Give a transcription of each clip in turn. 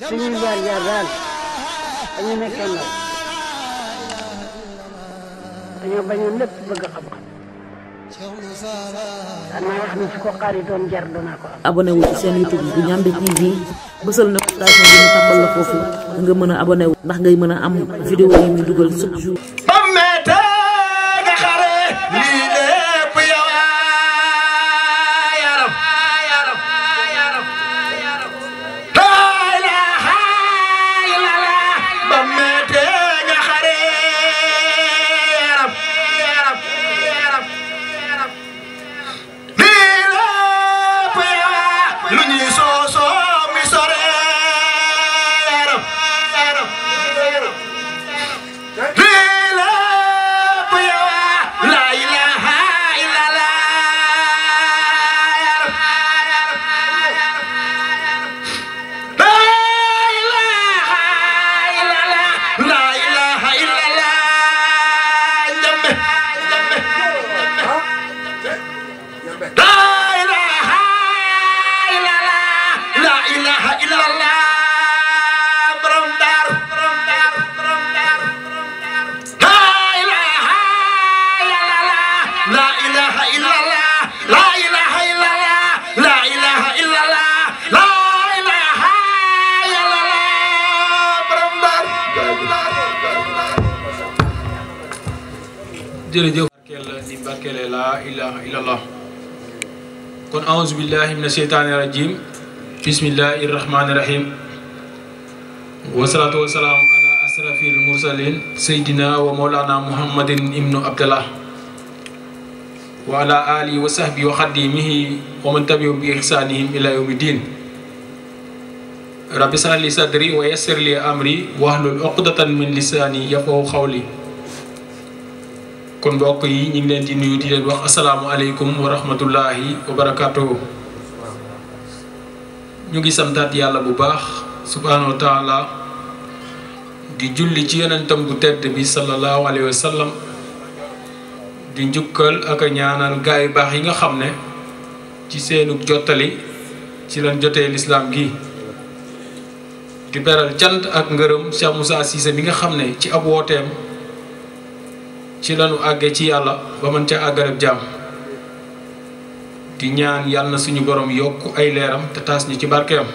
suñuy jaar-jaar daal dañu nekkee ndaw dañoo bañoon lépp bëgg xam-xam daanaa ne su ko xaari doon jar danaa ko am seen YouTube bu Ndiamé TV bësal na station bi ñu tàmbal foofu nga mën a abonné wu ndax ngay mën a am vidéo yi ñu dugal chaque jour jërëjëf ni barkeele laa ilaha illallah kon aouzu billahi min asheytaani rajim bismillahi irrahmani rahim wasalaatu wasalaam ala asrafil mursalin seydina wa mawlana muhammadin ibnu abdallah wa ala alihi wa sahbi wa xadimihi wa man tabiu bi ihsanihim ila yawmi din rabbi sahli sadri wa yassir li amri wahlul uqdatan min lisani yafqahu qawli kon mbokk yi ñu ngi leen di nuyu di leen wax asalaamualeykum wa rahmatullahi wa barakaatu. ñu ngi santaat yàlla bu baax subhaanahu wa taala di julli ci yonentam bu tedd bi sallallahu alayhi wa sallam di njukkal ak a ñaanal gaay baax yi nga xam ne ci seenu jottali ci lan jotee lislaam gi di beral cant ak ngërëm Cheikh Moussa Cissé bi nga xam ne ci ab wooteem ci lañu àggee ci yalla ba man ca agarab jam di ñaan yalla suñu borom yokku ay leeram te tass ñu ci barkeem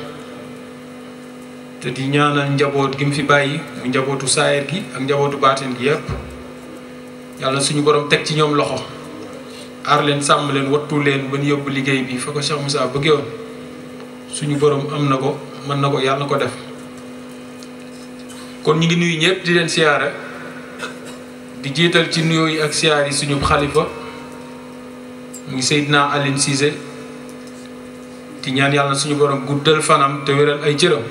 te di ñaanal njaboot gi mu fi bayyi mu njabootu saayir gi ak njabootu batin gi yépp yalla suñu borom tek ci ñoom loxo ar leen sam leen wattu leen ba ñu yobbu bi fa ko Cheikh Moussa bëggee woon suñu borom am na ko mën na ko ko def kon ñi ngi nuyu ñepp di leen di jiital ci nuyoo yi ak siyaar yi suñu xalifa muy Seydina Alioune Cissé di ñaan yàlla suñu borom guddal fanam te wéral ay cëram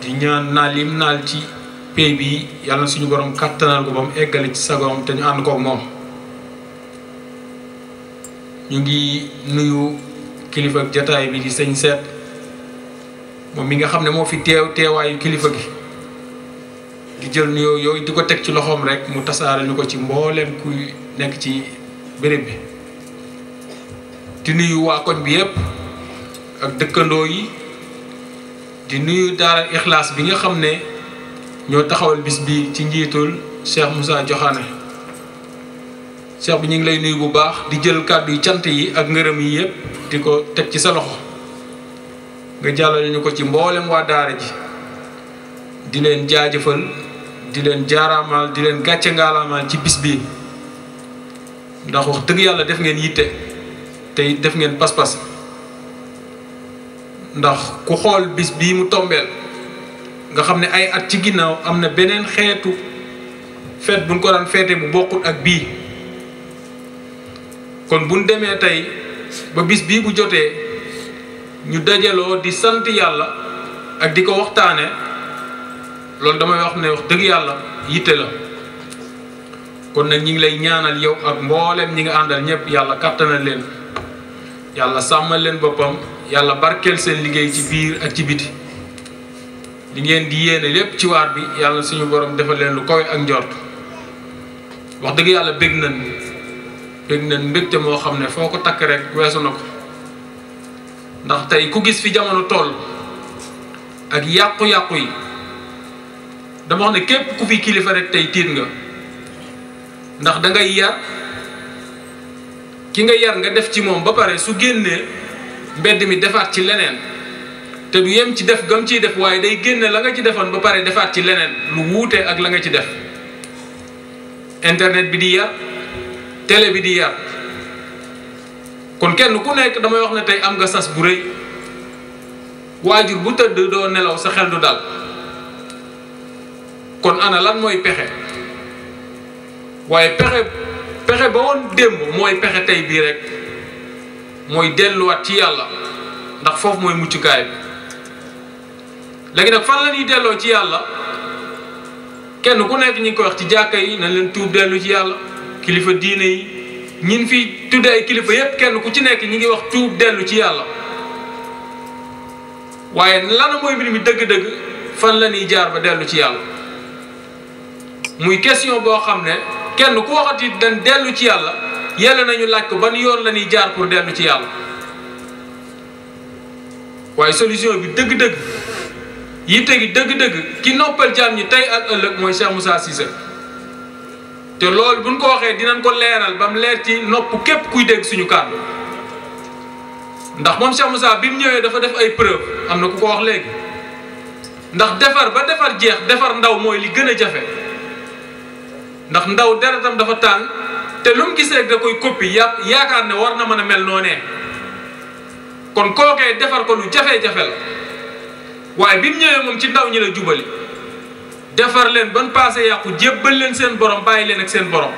di ñaan naal yim naal ci pay bii yàlla suñu borom kàttanal ko ba mu eggale ci sagoom te ñu ànd koog moom ñu ngi nuyu kilifa jataay bi di sëñ seet moom mi nga xam ne moo fi teew teewaayu kilifa gi di jël nuyoo yooyu di ko teg ci loxoom rek mu tasaare ñu ko ci mbooleem kuy nekk ci béréb bi di nuyu waa koñ bi yépp ak dëkkandoo yi di nuyu daara ixlaas bi nga xam ne ñoo taxawal bis bi ci njiitul Cheikh musa Joxaane Cheikh bi ñu ngi lay nuyu bu baax di jël kàddu yu cant yi ak ngërëm yi yépp di ko teg ci sa loxo nga jàllale ñu ko ci mboolem waa daara ji di leen jaajëfal di len jaaraamal di len gàcce ngaalaamaal ci bis bi ndax wax deug yalla def ngeen yitte te def ngeen pas-pas ndax ku xol bis bi mu tombel nga ay at ci ginnaaw amna benen beneen xeetu buñ ko daan feete bu ak bi kon buñ demee tay ba bis bi bu jotee ñu dajaloo di sante yalla ak diko loolu damay wax ne wax dëgg yàlla yitte la kon nag ñi ngi lay ñaanal yow ak mbooleem ñi nga àndal ñëpp yàlla kattanal leen yàlla sàmmal leen boppam yàlla barkeel seen liggéey ci biir ak ci li ngeen di yéene lépp ci waat bi yàlla suñu borom defal leen lu kawe ak njort wax dëgg yàlla bég nañ bég nañ mbégte moo xam ne foo ko takk rek weesu na ko ndax tey ku gis fi jamono tool ak yàqu-yàqu yi dama xone kep ku fi kilifa rek tay tit nga ndax da ngay yar ki nga yar nga def ci mom ba pare su genné mbedd mi defaat ci lenen te du yem ci def gam ci def waaye day genné la nga ci defon ba pare defaat ci lenen lu wuté ak la nga ci def internet bi di yar télé bi di yar kon kenn ku nekk dama wax ne tay am nga sas bu reuy wajur bu teud do nelaw sa xel du dal kon ana lan mooy pexe waaye pexe pexe ba woon démb mooy pexe tey bii rekk mooy delluwaat ci yàlla ndax foofu mooy muccukaay bi léegi nag fan la ñuy delloo ci yàlla kenn ku nekk ñu ngi koy wax ci jàkka yi nañ leen tuub dellu ci yàlla kilifa diine yi ñin fi tudde ay kilifa yépp kenn ku ci nekk ñi ngi wax tuub dellu ci yàlla waaye lan mooy mbir mi dëgg-dëgg fan la jaar ba dellu ci yàlla muy question boo xam ne kenn ku waxati dañ dellu ci yàlla yàlla nañu laaj ko ban yoon la ñuy jaar pour dellu ci yàlla waaye solution bi dëgg-dëgg yitte gi dëgg-dëgg ki noppal jaam ñi tey ak ëllëg mooy Cheikh Moussa Cissé te loolu buñ ko waxee dinañ ko leeral ba mu leer ci noppu képp kuy dégg suñu kàddu ndax moom Cheikh Moussa bi mu ñëwee dafa def ay preuve am na ku ko wax léegi ndax defar ba defar jeex defar ndaw mooy li gën a jafe ndax ndaw deretam dafa tàng te lu mu gis da koy koppi ya yaakaar ne war na mën a mel noonee kon kookee defar ko lu jafe-jafe la waaye bi mu ñëwee moom ci ndaw ñi la jubali defar leen ban passé yàqu jébbal leen seen borom bàyyi leen ak seen borom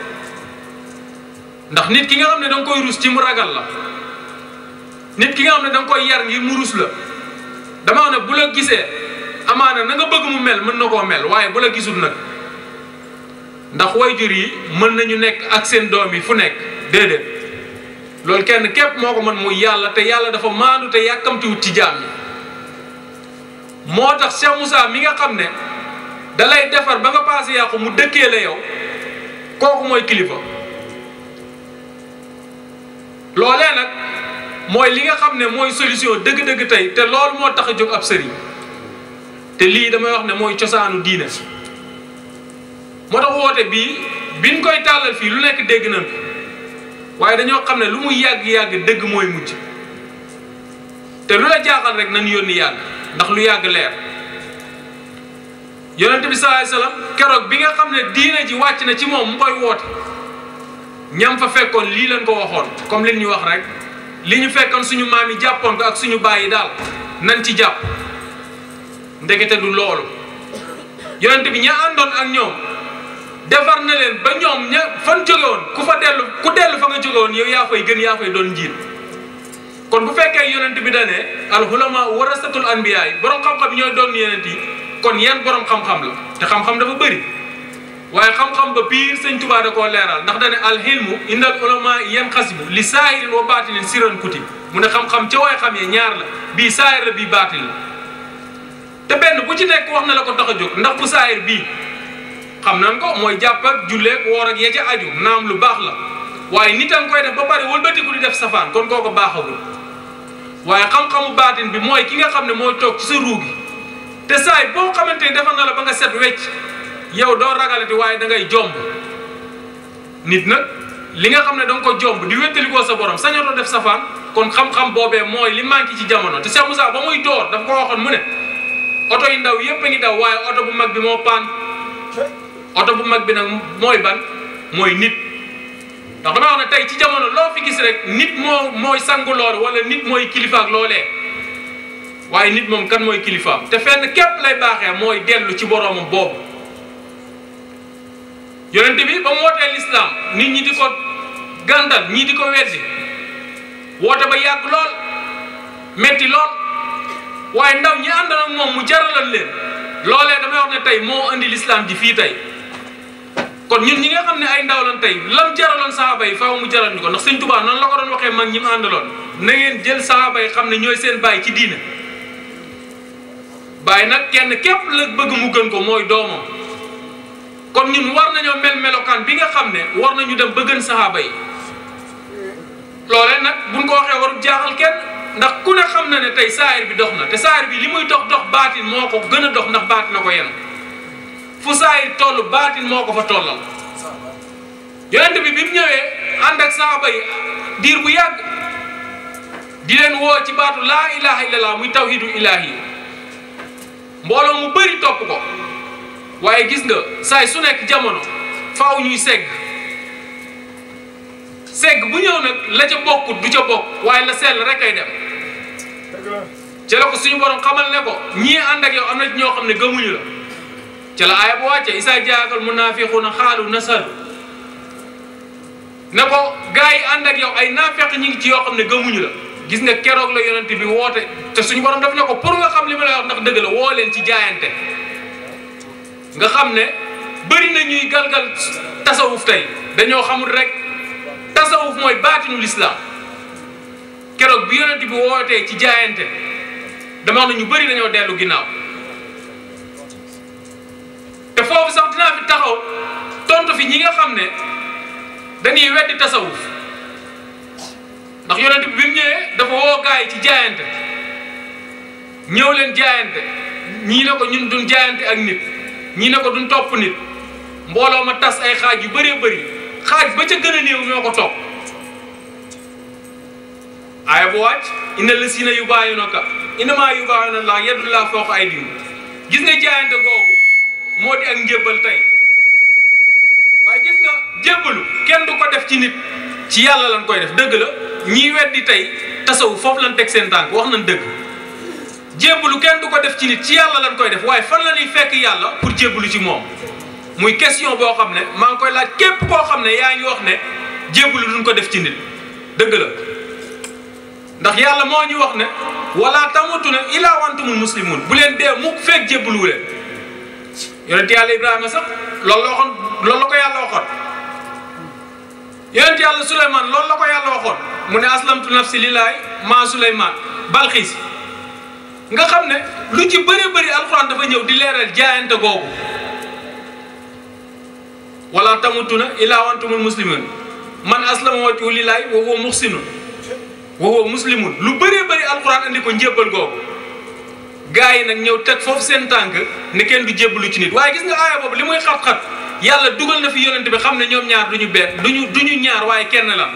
ndax nit ki nga xam ne da koy rus ci mu ragal la nit ki nga xam ne da nga koy yar ngir mu rus la damaa ne bu la gisee amaana na nga bëgg mu mel mën na koo mel waaye bu la gisul nag ndax wayjur yi mën nañu nekk ak seen doom yi fu nekk déedéet loolu kenn képp moo ko mën muy yàlla te yàlla dafa maandu te yàkkamtiwut ci jaam moo tax Cheikh Moussa mi nga xam ne dalay defar ba nga paase yàqu mu dëkkee la yow kooku mooy kilifa loolee nag mooy li nga xam ne mooy solution dëgg-dëgg tey te loolu moo tax a jóg ab sëriñ te lii damay wax ne mooy cosaanu diine moo tax woote bii biñ koy tàllal fii lu nekk dégg nañ waaye dañoo xam ne lu mu yàgg-yàgg dëgg mooy mujj te lu la jaaxal rek nañ yónni yàgg ndax lu yàgg leer yonente bi salaay salaam keroog bi nga xam ne diine ji wàcc na ci moom mu koy woote ñam fa fekkoon lii lañ ko waxoon comme li ñu wax rek li ñu fekkoon suñu maam yi jàppoon ko ak suñu baay yi daal nañ ci jàpp ndekete du loolu yonente bi ña àndoon ak ñoom defar na leen ba ñoom ña fan jóge ku fa dellu ku dellu fa nga jóge woon yow yaa fay gën yaa fay doon njiit kon bu fekkee yonent bi da ne alxulama warasatul anbiya yi borom xam-xam ñooy doon yeneen yi kon yan borom xam-xam la te xam-xam dafa bëri waaye xam-xam ba biir sëñ Tuubaa koo leeral ndax dane alxilmu indal ulama yan xasibu li saahirin wa si siran kuti mu ne xam-xam ca xam yi ñaar la bii saahir la bii baatin te benn bu ci nekk wax na la ko tax a jóg ndax bu bii xam nan ko mooy jàpp ak julleeg woor ak yee ca aju naam lu baax la waaye nit a koy def ba pare wëlbatiku di def safaan kon koo baaxagul waaye xam-xamu baatin bi mooy ki nga xam ne moo toog ci sa ruu gi te saay ni defal na la ba nga set wecc yow doo ragalati waaye da ngay jomb nit nag li nga xam ne da nga ko jomb di wéttalikoo sa borom sañatoo def safaan kon xam-xam boobee mooy li manqué ci jamono te Cheikh Moussa ba muy door dafa ko waxoon mu ne oto yu ndaw yépp a ngi daw waaye oto bu mag bi moo paan oto bu mag bi nag mooy ban mooy nit ndax dama wax ne tey ci jamono loo fi gis rek nit moo mooy sangu loolu nit mooy kilifaak loolee waaye nit moom kan mooy kilifaam te fenn képp lay baaxee mooy dellu ci boroomam boobu yonent bi ba mu wootee lislaam nit ñi di ko gàndal ñii di ko weddi woote ba yàgg lool metti lool waaye ndaw ñi ànd ak moom mu jaralal leen loolee damay wax ne tey moo indi lislaam ji fii tey kon ñun ñi nga xam ne ay ndaw lan tey lam jaraloon saaba yi faaw mu jaral ñu ko ndax sëñ Tuubaa noonu la ko doon waxee mag ñi mu àndaloon na ngeen jël saaba yi xam ne ñooy seen baay ci diina baay nag kenn képp la bëgg mu gën ko mooy doomam kon ñun war nañoo mel melokaan bi nga xam ne war nañu dem ba gën saaba yi loole nag buñ ko waxee warul jaaxal kenn ndax ku ne xam na ne tey saayir bi dox na te saayir bi li muy dox dox baatin moo ko gën a dox ndax baatin na ko yenn fu saay toll baatin moo ko fa tollal yonent bi bi mu ñëwee ànd ak saaba diir bu yàgg di leen woo ci baatu laa ilaha illallah muy taw tawhidu ilahi mbooloo mu bari topp ko waaye gis nga saay su nekk jamono faaw ñuy segg segg bu ñëw nag la ca bokkut du ca bokk waaye la seel rek ay dem ci ko suñu borom xamal ne ko ñii ànd ak yow am na ñoo xam ne gëmuñu la ce la aaya bu wàcce isa jaakal munaafiquuna xaalu nasar na ko gars yi ànd ak yow ay naafeq ñi ngi ci yoo xam ne gëmuñu la gis nga keroog la yonent bi woote te suñu borom daf ne ko pour nga xam li ma lay wax ndax dëgg la woo leen ci jaayante nga xam ne bari na ñuy galgal tasawuf tey dañoo xamul rek tasawuf mooy baatinu lislaam keroog bi yonent bi wootee ci jaayante dama na ñu bari dañoo dellu ginnaaw te foofu sax dinaa fi taxaw tontu fi ñi nga xam ne dañuy weddi tasawuf ndax yonent bi bi mu ñëwee dafa woo gaay ci jaayante ñëw leen jaayante ñii ne ko ñun duñ jaayante ak nit ñii ne ko duñ topp nit mbooloo ma tas ay xaaj yu bëree bëri xaaj ba ca gën a néew ñoo ko topp aaya bu wàcc inna la sina yu bàyyi na ka innamaa yu bàyyi na laa yadulaa fooq ay diw gis nga jaayante googu moo di ak njébbal tey waaye gis nga jébbalu kenn du ko def ci nit ci yàlla lan koy def dëgg la wet weddi tey tasawu foofu lan teg seen tànk wax nañ dëgg jébbalu kenn du ko def ci nit ci yàlla lan koy def waaye fan la ñuy fekk yàlla pour jébbalu ci moom muy question boo xam ne maa ngi koy laaj képp koo xam ne yaa ngi wax ne jébbalu duñ ko def ci nit dëgg la ndax yàlla moo ñu wax ne wala tamutunna illaa wa antumul muslimun bu leen dee mukk fekk jébbalu leen yonent yàlla ibrahima sax loolu la waxoon loolu la ko yàlla waxoon yonent yàlla suleymaan loolu la ko yàlla waxoon mu ne aslamtu nafsi lillaay maa suleymaan balxiis nga xam ne lu ci bëri bëri alxuraan dafa ñëw di leeral jaayante googu wala tamutuna illaa wa antumul muslimun man aslama wajhu lillaay wa huwa muxsinun wa huwa muslimun lu bëree bëri alxuraan andi ko njébbal googu gaa yi nag ñëw teg foofu seen tànk ni kenn du jébbalu ci nit waaye gis nga aaya boobu li muy xat-xat yàlla dugal na fi yonent bi xam ne ñoom ñaar duñu benn duñu duñu ñaar waaye kenn la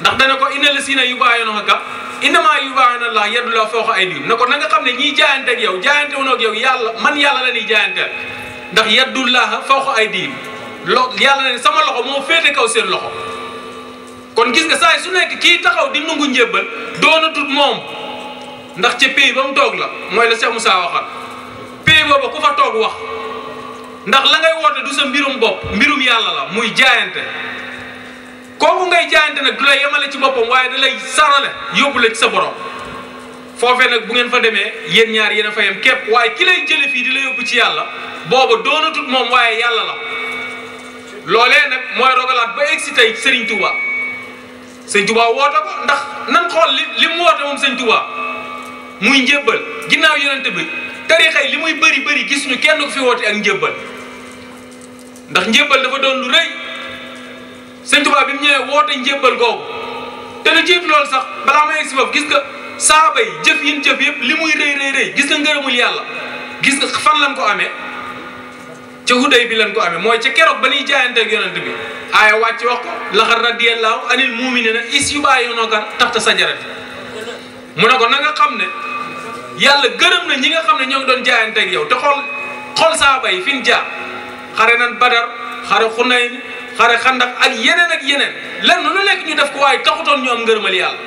ndax dana ko inna la siina yu baayoonaka innama yubaayana allah yadullah fawqa aydihim na ko na nga xam ne ñiy jaayante ak yow jaayante wunoog yow yàlla man yàlla la ñuy jaayanteel ndax yadullah fawqa aydihim lo yàlla ne sama loxo moo féete kaw seen loxo kon gis nga saa su nekk kii taxaw di nungu njébbal doonatut moom ndax ca pays ba mu toog la mooy la Cheikh Moussa waxal pays booba ku fa toog wax ndax la ngay woote du sa mbirum bopp mbirum yàlla la muy jaayante kooku ngay jaayante nag du la yemale ci boppam waaye da la sarale yóbbu la ci sa borom foofee nag bu ngeen fa demee yéen ñaar yéen a fa yem képp waaye ki lay jële fii di la yóbbu ci yàlla booba doonatut moom waaye yàlla la loolee nekk mooy rogalaat ba egsi tey Serigne Touba Serigne Touba woote ko ndax nan xool li li mu woote moom Serigne Touba muy njébbal ginnaaw yonent bi tarixa yi li muy bëri bëri gis ñu kenn ko fi woote ak njébbal ndax njébbal dafa doon lu rëy sëñ Tuubaa bi mu ñëwee woote njébbal googu te lu jiitu loolu sax balaa may egg si bopp gis nga saaba yi jëf yi jëf yëpp li muy rëy rëy gis nga ngërëmul yàlla gis nga fan lan ko amee ca huday bi lan ko amee mooy ca keroog ba ñuy jaayante ak yonent bi aaya wàcc wax ko laxar radiyallaahu anil muminina is yu bàyyi noo ca taxta sajarati mu ne ko na nga xam ne yàlla gërëm na ñi nga xam ne ñoo ngi doon jaayante ak yow te xool xool saaba yi fi ñu jaar xare nan badar xare xunayn xare xandax ak yeneen ak yeneen lan lenn lu nekk ñu def ko waaye taxutoon ñu am ngërëmal yàlla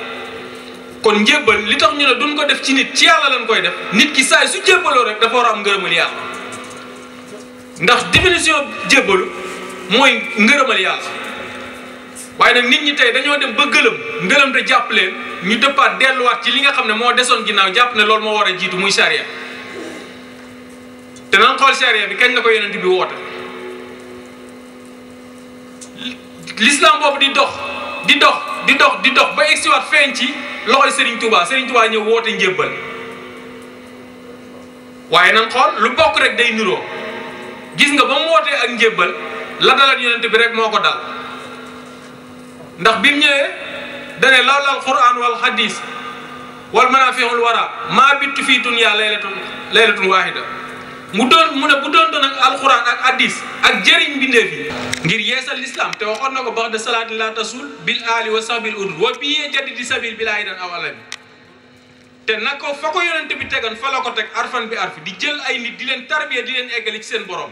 kon njébbal li tax ñu ne duñ ko def ci nit ci yàlla lañ koy def nit ki saay su jébbaloo rek dafa war a am ngërëmal yàlla ndax définition jébbalu mooy ngërëmal yàlla waaye nag nit ñi tey dañoo dem ba gëlëm ngëlëm te jàpp leen ñu déllu wat ci li nga xam mo déssone ginnaw japp jàpp ne loolu moo war a muy sharia té nan xol sharia bi kañ la ko yonent bi wota l'islam bobu di dox di dox di dox di dox ba wat feñ ci loxol Serigne Touba Serigne Touba ñew wota njébbal waye nan xol lu bok rek day niroo gis nga ba mu wootee ak njébbal la dalal yonent bi rek moko dal ndax bimu ñewé dane lawla alquran wa hadis wal manafiul wara maa bittu fii dunya laylatun laylatun waahida mu doon mu ne bu doon doon ak alquran ak hadis ak jëriñ mbindeef yi ngir yeesal l'islam te waxoon na ko bax de salaati la tasul bil aali wa sahbil udul wa biyee jadi di sabil bi laayi dan aw alami te na ko foo ko yonente bi tegoon fa la ko teg arfan bi arfi di jël ay nit di leen tarbiya di leen eggali ci seen borom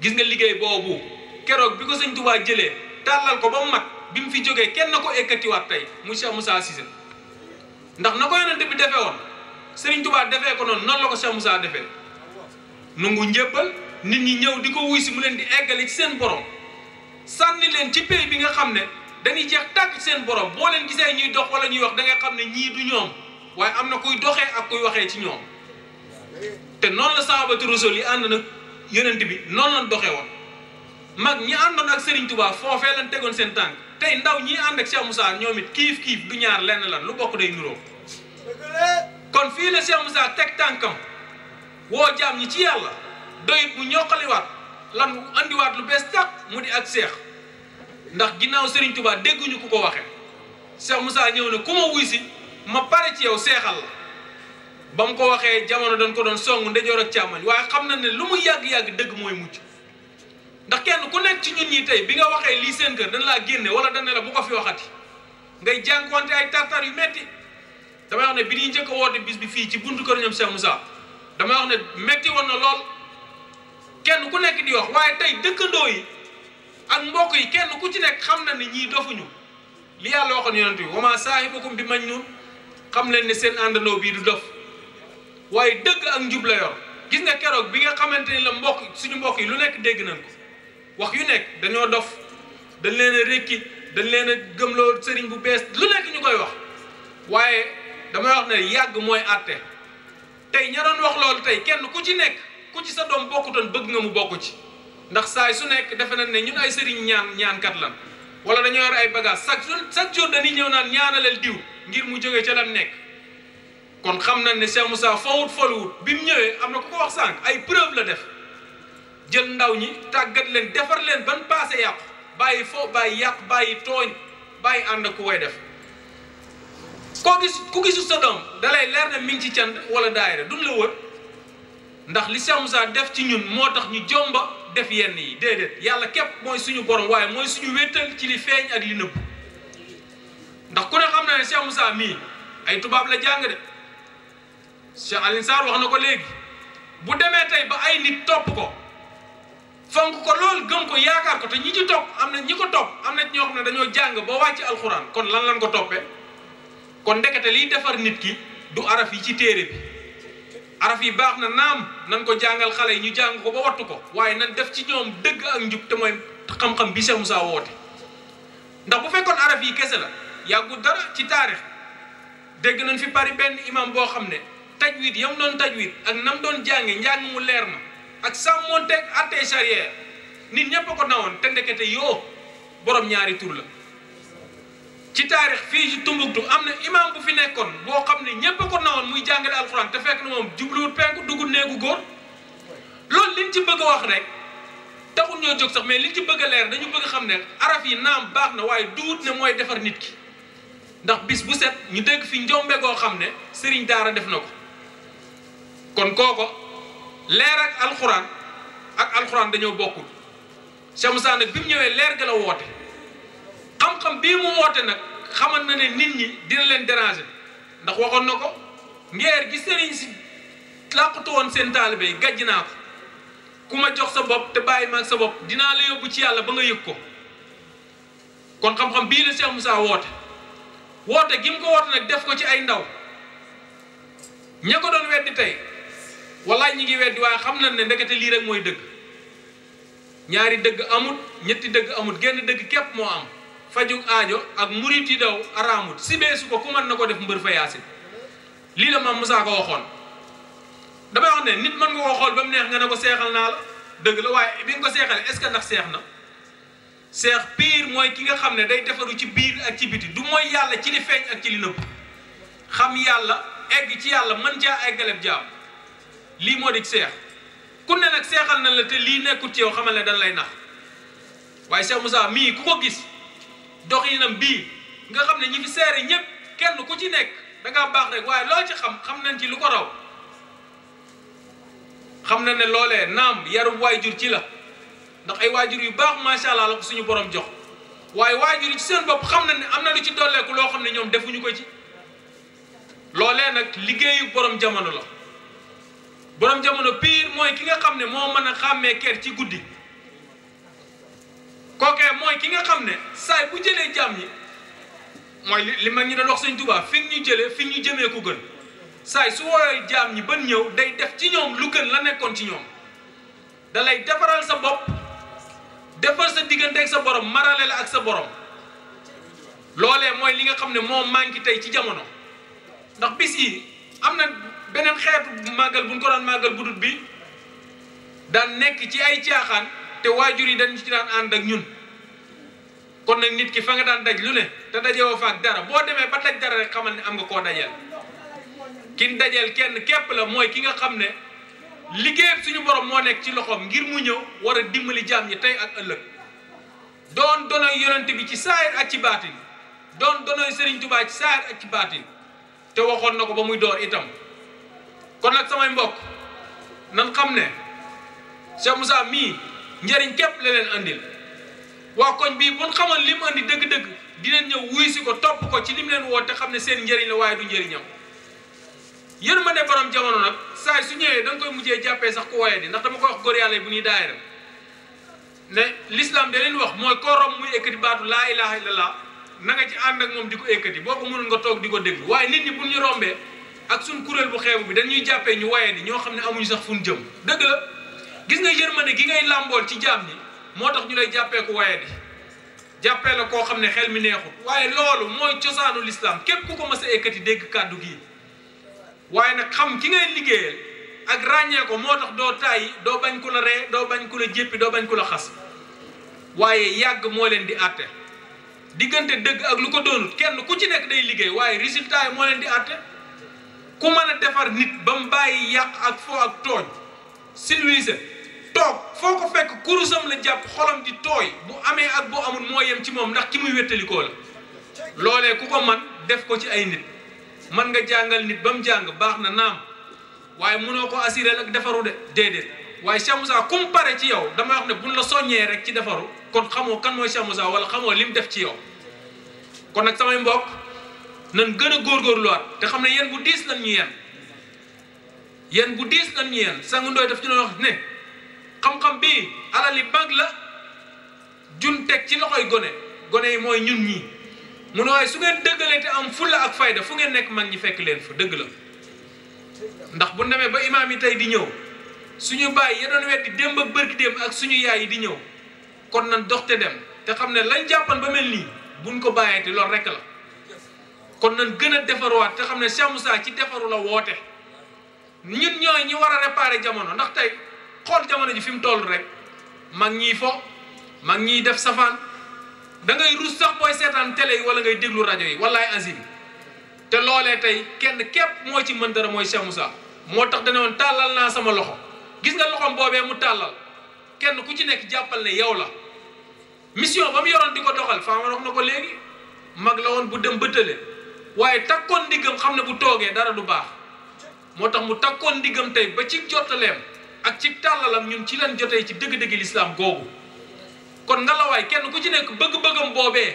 gis nga liggéey boobu keroog bi ko sëñ Tuubaa jëlee tàllal ko ba mag bi mu fi jógee kenn na ko ekkatiwaat tey mu Cheikh Moussa Cissé ndax na ko yonent bi defee woon Serigne Touba defee ko noonu noonu la ko Cheikh Moussa defee nungu njébbal nit ñi ñëw di ko wuy si mu leen di eggale ci seen borom sànni leen ci pay bi nga xam ne dañuy jeex tàkk ci seen borom boo leen gisee ñuy dox wala ñuy wax da nga xam ne ñii du ñoom waaye am na kuy doxee ak kuy waxee ci ñoom te noonu la sahabatu rasul yi ànd nag yonent bi noonu la doxee woon mag ñi àndoon ak Serigne Touba foofee lan tegoon seen tànk tey ndaw ñi ànd ak Cheikh Moussa ñoom it kiif kiif du ñaar lenn lan lu bokk day nuroo kon fii la Cheikh Moussa teg tànkam woo jaam ñi ci yàlla doyit bu ñoqaliwaat lan andiwaat lu bees tàq mu di ak seex ndax ginnaaw Serigne Touba dégguñu ku ko waxee Cheikh musaa ñëw ne ku ma wuy si ma pare ci yow seexal la ba mu ko waxee jamono dañ ko doon song ndejoor ak càmmoñ waaye xam na ne lu mu yàgg-yàgg dëgg mooy mucc ndax kenn ku nekk ci ñun ñi tey bi nga waxee lii seen kër dañ laa génne wala dañ ne la bu ko fi waxati ngay jànkuwante ay tartar yu metti damay wax ne bi ñuy njëkk a woote bis bi fii ci buntu kër ñoom Cheikh Moussa damay wax ne metti woon na lool kenn ku nekk di wax waaye tey dëkkandoo yi ak mbokk yi kenn ku ci nekk xam na ni ñii dofuñu li yàlla waxoon yonent bi wama saahibukum bi mañ nun xam leen ne seen àndandoo bii du dof waaye dëgg ak njub la yor gis nga keroog bi nga xamante ni la mbokk suñu mbokk yi lu nekk dégg nañ ko wax yu nekk dañoo dof dañ leen a rékki dañ leen gëmloo sëriñ bu bees lu nekk ñu koy wax waaye damay wax ne yàgg mooy àtte tey ña doon wax loolu tey kenn ku ci nekk ku ci sa doom bokkutoon bëgg nga mu bokk ci ndax saay su nekk defe nañ ne ñun ay sëriñ ñaan ñaankat lan wala dañoo yor ay bagage chaque jour chaque jour dañuy ñëw naan ñaanaleel diw ngir mu jóge ca lam nekk kon xam nañ ne Cheikh Moussa fawut foluwut bi mu ñëwee am na ku ko wax sànq ay preuve la def jël ndaw ñi tàggat leen defar leen ban passé yàqu bàyyi fo bàyyi yàq bàyyi tooñ bàyyi ànd ku koy def koo gis ku gisu sa doom dalay leer na mi ngi ci cant wala daayira duñ la wër ndax li Cheikh Moussa def ci ñun moo tax ñu jomba def yenn yi déedéet yàlla képp mooy suñu borom waaye mooy suñu wéttal ci li feeñ ak li nëbb ndax ku ne xam na ne Cheikh Moussa mii ay tubaab la jàng de Cheikh Alioune wax na ko léegi bu demee tey ba ay nit topp ko fonk ko loolu gëm ko yaakaar ko te ñi ci topp am na ñi ko topp am na ñoo xam ne dañoo jàng ba wàcc alxuraan kon lan lan ko toppee kon ndekete liy defar nit ki du araf yi ci téere bi araf yi baax na naam nan ko jàngal xale yi ñu jàng ko ba wattu ko waaye nan def ci ñoom dëgg ak njub te mooy xam-xam bi Cheikh Moussa woote ndax bu fekkoon araf yi kese la yàggu dara ci taarix dégg nañ fi pari benn imam boo xam ne tajwid yam doon tajwid ak nam doon jànge njàng mu leer na ak sàmmonteeg arte charrière nit ñépp ko nawoon te ndekete yoo borom ñaari tur la ci taarix fii ci Tumbuktu am na imam bu fi nekkoon boo xam ne ñépp ko nawoon muy jàngale alxuraan te fekk na moom jubluwut penku dugg néegu góor loolu liñ ci bëgg wax rek taxul ñoo jóg sax mais liñ ci bëgg a leer dañu bëgg xam ne araf yi naam baax na waaye duut ne mooy defar nit ki ndax bis bu set ñu dégg fi njombe goo xam ne sëriñ daara def na ko kon kooko leer ak alxuraan ak alxuraan dañoo bokkul Cheikh Moussa nag bi mu ñëwee leer ga la woote xam-xam bii mu woote nag xamal na ne nit ñi dina leen déranger ndax waxoon na ko ngeer gi sëriñ si làqutu woon seen taalibe gàjj naa ko ku ma jox sa bopp te bàyyi ma sa bopp dinaa la yóbbu ci yàlla ba nga yëg ko kon xam-xam bii la Cheikh Moussa woote woote gi mu ko woote nag def ko ci ay ndaw ña ko doon weddi tey wallaay ñi ngi weddi waaye xam na ne ndekete lii rek mooy dëgg ñaari dëgg amut ñetti dëgg amut genn dëgg képp moo am fajug ajo ak murit yi daw araamut si beesu ko ku mën na ko def mbër fa yaasin lii la maam Moussa ko waxoon damay wax ne nit mën nga ko xool ba mu neex nga ne ko seexal naa la dëgg la waaye bi nga ko seexale est-ce que ndax seex na seex piir mooy ki nga xam ne day defaru ci biir ak ci biti du mooy yàlla ci li feeñ ak ci li nëbb xam yàlla egg ci yàlla mën caa eggaleb jaam lii moo di seex ku ne nag seexal na la te lii nekkut ci yow xamal ne dañ lay nax waaye Cheikh Moussa mii ku ko gis dox doxinam bii nga xam ne ñi fi seere ñëpp kenn ku ci nekk dangaa baax rek waaye loo ci xam xam nañ ci lu ko raw xam na ne loolee naam yarub waajur ci la ndax ay waajur yu baax macha allah la ko suñu borom jox waaye waajur yi ci seen bopp xam na ne am na lu ci dolleeku loo xam ne ñoom defuñu ko ci loolee nag liggéeyu boroom jamono la. borom jamono pire mooy ki nga xam ne moo mën a xàmmee ker ci guddi kookee mooy ki nga xam ne saay bu jëlee jàmm yi mooy li mag ñi doon wax sëñ Tuubaa fi ñu jëlee fi ñu jëmee ku gën saay su woowee jaam ñi ban ñëw day def ci ñoom lu gën la nekkoon ci ñoom da lay sa bopp defal sa diggante ak sa borom marale la ak sa borom loolee mooy li nga xam ne moo manqué tey ci jamono ndax bis yi am na beneen xeetu màggal bu ñu ko daan màggal bu dut bi daan nekk ci ay caaxaan te waajur yi dañu ci daan ànd ak ñun kon nag nit ki fa nga daan daj lu ne te dajewoo faak dara boo demee ba daj dara rek xamal ne am nga koo dajeel kin dajeel kenn kepp la mooy ki nga xam ne liggéeyam suñu borom moo nekk ci loxoom ngir mu ñëw war a dimbali jaam yi tey ak ëllëg doon donoy yonente bi ci saayir ak ci baatin doon donoy Serigne Touba ci saayir ak ci baatin te waxoon na ko ba muy door itam kon nag samay mbokk nan xam ne Cheikh Moussa mii njëriñ képp la leen andil waa koñ bii bu ñu xamoon li mu andi dëgg-dëgg leen ñëw wuy si ko topp ko ci li mu leen woo te xam ne seen njëriñ la waaye du njëriñam yéen ma ne borom jamono nag saay su ñëwee da koy mujjee jàppee sax ku woye di ndax dama ko wax góor yàlla yi bu daay daayira ne l'islam da leen wax mooy koo romb muy ekkati baatu laa ilaha illallah na nga ci ànd ak moom di ko ekkati boo ko mënul nga toog di ko déglu waaye nit ñi bu ñu rombee ak suñ kuréel bu xeebu bi dañuy jàppee ñu waye ni ñoo xam ne amuñu sax fu ñu jëm dëgg gis nga yërmande gi ngay làmbool ci jaam ñi moo tax ñu lay jàppee ku waye di jàppee la koo xam ne xel mi neexul waaye loolu mooy cosaanu lislaam képp ku ko mas a ekkati dégg kàddu gi waaye nag xam ki ngay liggéeyal ak ràññee ko moo tax doo tàyyi doo bañ ku la ree doo bañ ku la jéppi doo bañ ku la xas waaye yàgg moo leen di àtte diggante dëgg ak lu ko doon kenn ku ci nekk day liggéey waaye résultat moo leen di àtte ku mën a defar nit ba mu bàyyi yàq ak foo ak tooñ civilisé toog foo ko fekk kurusam la jàpp xolam di tooy mu amee ak boo amul moo yem ci moom ndax ki muy wéttalikoo la loole ku ko man def ko ci ay nit man nga jàngal nit ba mu jàng baax na naam waaye munoo ko assuré ak defaru de déedéet waaye Cheikh Moussa ku mu pare ci yow dama wax ne bu buñ la soññee rek ci defaru kon xamoo kan mooy Cheikh Moussa wala xamoo lim def ci yow kon nag samay mbokk nan gën a góorgóorluwaat te xam ne yéen bu diis lan ñu yéen yéen bu diis lan ñu yéen sangu ndooy daf ci doon wax ne xam-xam bii alali bag la jun teg ci loxoy gone gone yi mooy ñun ñii mu ne su ngeen dëggalee te am fulla ak fayda fu ngeen nekk man ñi fekk leen fu dëgg la ndax bu demee ba imaam yi tey di ñëw suñu bàyyi ya doon weddi démb ak bërki démb ak suñu yaay yi di ñëw kon nañ dox te dem te xam ne lañ jàppan ba mel nii buñ ko bàyyee te loolu rek la kon nañ gën a defaruwaat te xam ne Cheikh Moussa ci defaru la woote ñun ñooy ñi war a réparer jamono ndax tey xool jamono ji fi mu toll rek mag ñiy fo mag ñiy def safaan da ngay rus sax booy seetaan tele yi wala ngay déglu rajo yi wallaay azim te loolee tey kenn képp moo ci mën dara mooy Cheikh Moussa moo tax dana woon tàllal naa sama loxo gis nga loxoom boobee mu tàllal kenn ku ci nekk jàppal ne yow la mission ba mu yoroon di ko doxal faama wax na ko léegi mag la woon bu dem bëttale waaye takkoon ndiggam xam ne bu toogee dara du baax moo tax mu takkoon ndiggam tey ba ci jottaleem ak ci tàllalam ñun ci lan jotee ci dëgg-dëgg lislaam googu kon ngalawaay kenn ku ci nekk bëgg-bëggam boobee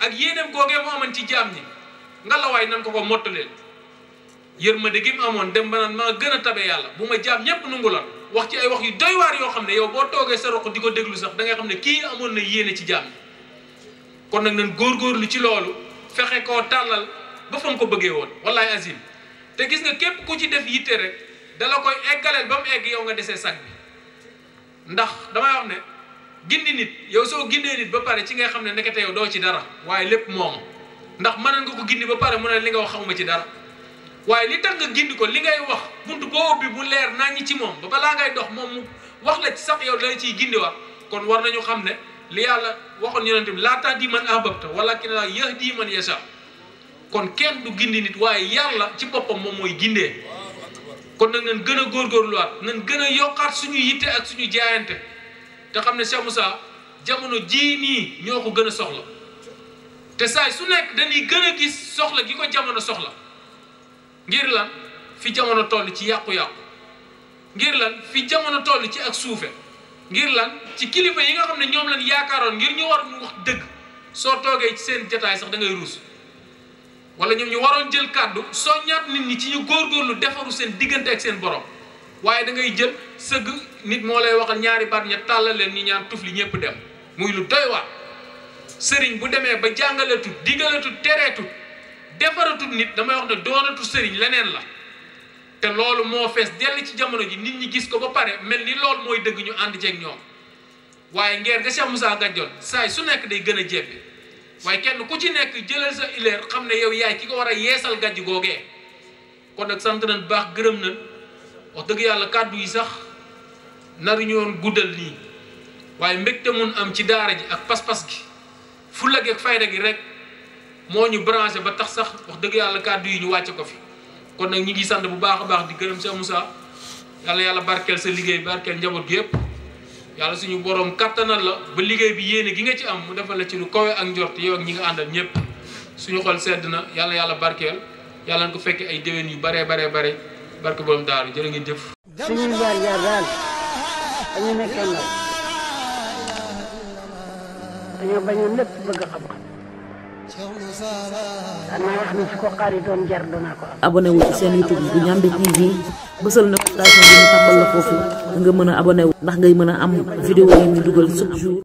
ak yéeneem googee mu amoon ci jaam ñi ngalawaay nan ko ko mottaleel yërmande gi mu amoon dem ba naan maa gën a tabe yàlla bu ma jaam ñépp nungu lan wax ci ay wax yu doy waar yoo xam ne yow boo toogee sa roq di ko déglu sax dangay xam ne kii amoon na yéene ci jaam ñi kon nag nan góorgóorlu ci loolu fexe koo tàllal ba fa mu ko bëggee woon wallahi azim te gis nga képp ku ci def yitte rek dala koy eggaleel ba mu egg yow nga desee sag bi ndax damay wax ne gindi nit yow soo gindee nit ba pare ci ngay xam ne nekkete yow doo ci dara waaye lépp moom ndax mën mënoon nga ko gindi ba pare mu ne li nga wax xamuma ci dara waaye li tax nga gindi ko li ngay wax bunt boo ubbi bu leer naññi ci moom ba balaa ngay dox moom mu wax la ci sax yow dala ciy gindi wax kon war nañu xam ne li yàlla waxoon yonente bi laataa di man ahbabta wala ki ne la yahdi man kon kenn du gindi nit waaye yàlla ci koppam moom mooy gindee kon nag nañ gën a góorgóorluwaat nañ gën a yokkaat suñu yitte ak suñu jaayante te xam ne Cheikh Moussa jamono jii nii ñoo ko gën a soxla te saay su nekk dañuy gën a gis soxla gi ko jamono soxla ngir lan fi jamono toll ci yàqu-yàqu ngir lan fi jamono toll ci ak suufe ngir lan ci kilifa yi nga xam ne ñoom lañ yaakaaroon ngir ñu war mu wax dëgg soo toogee ci seen jataay sax dangay ruus wala ñom ñu waron jël so soññaat nit ñi ci ñu lu defaru seen digënté ak seen borom waye da ngay jël seug nit mo lay waxal ñaari baat ñi talal leen ñi ñaan tufli ñepp dem muy lu doy wa sëriñ bu démé ba jàngalatut digalatut tereetut defaratu nit dama wax na doonatu sëriñ leneen la té loolu mo fess del ci jamono ji nit ñi gis ko ba paré melni loolu dëgg ñu ci ak ñoom waye ngeer ga Cheikh Moussa Gadiol say su nekk day gëna jébé waaye kenn ku ci nekk jëlal sa ileer xam ne yow yaay ki ko war a yeesal gàjj googee kon nag sant nañ baax gërëm nañ wax dëgg yàlla kàddu yi sax naruñu woon guddal nii waaye mbégte mun am ci daara ji ak pas-pas gi fulla gi ak fayda gi rek moo ñu branché ba tax sax wax dëgg yàlla kàddu yi ñu wàcce ko fi kon nag ñi ngi sant bu baax a baax di gërëm sa Moussa yàlla yàlla barkeel sa liggéey barkeel njaboot gi yëpp yàlla suñu boroom kàttanal la ba liggéey bi yéene gi nga ci am mu defal la ci lu kawe ak njort yow ak ñi nga àndal ñëpp suñu xol sedd na yàlla yàlla barkeel yàlla na ko fekkee ay déwén yu baree baree bare barke borom daaru jërë ngeen jëf. suñuy jaar jaar daal dañu nekkoon daal dañoo bañoon lépp bëgg xam-xam. dana wax ne su ko xari doon jar dana ko am. abonné wu ci seen YouTube bu Ndiamé TV bësal notification bi ñu tàmbal la foofu nga mën a abonné wu ndax ngay mën a am vidéo yi ñu dugal chaque jour.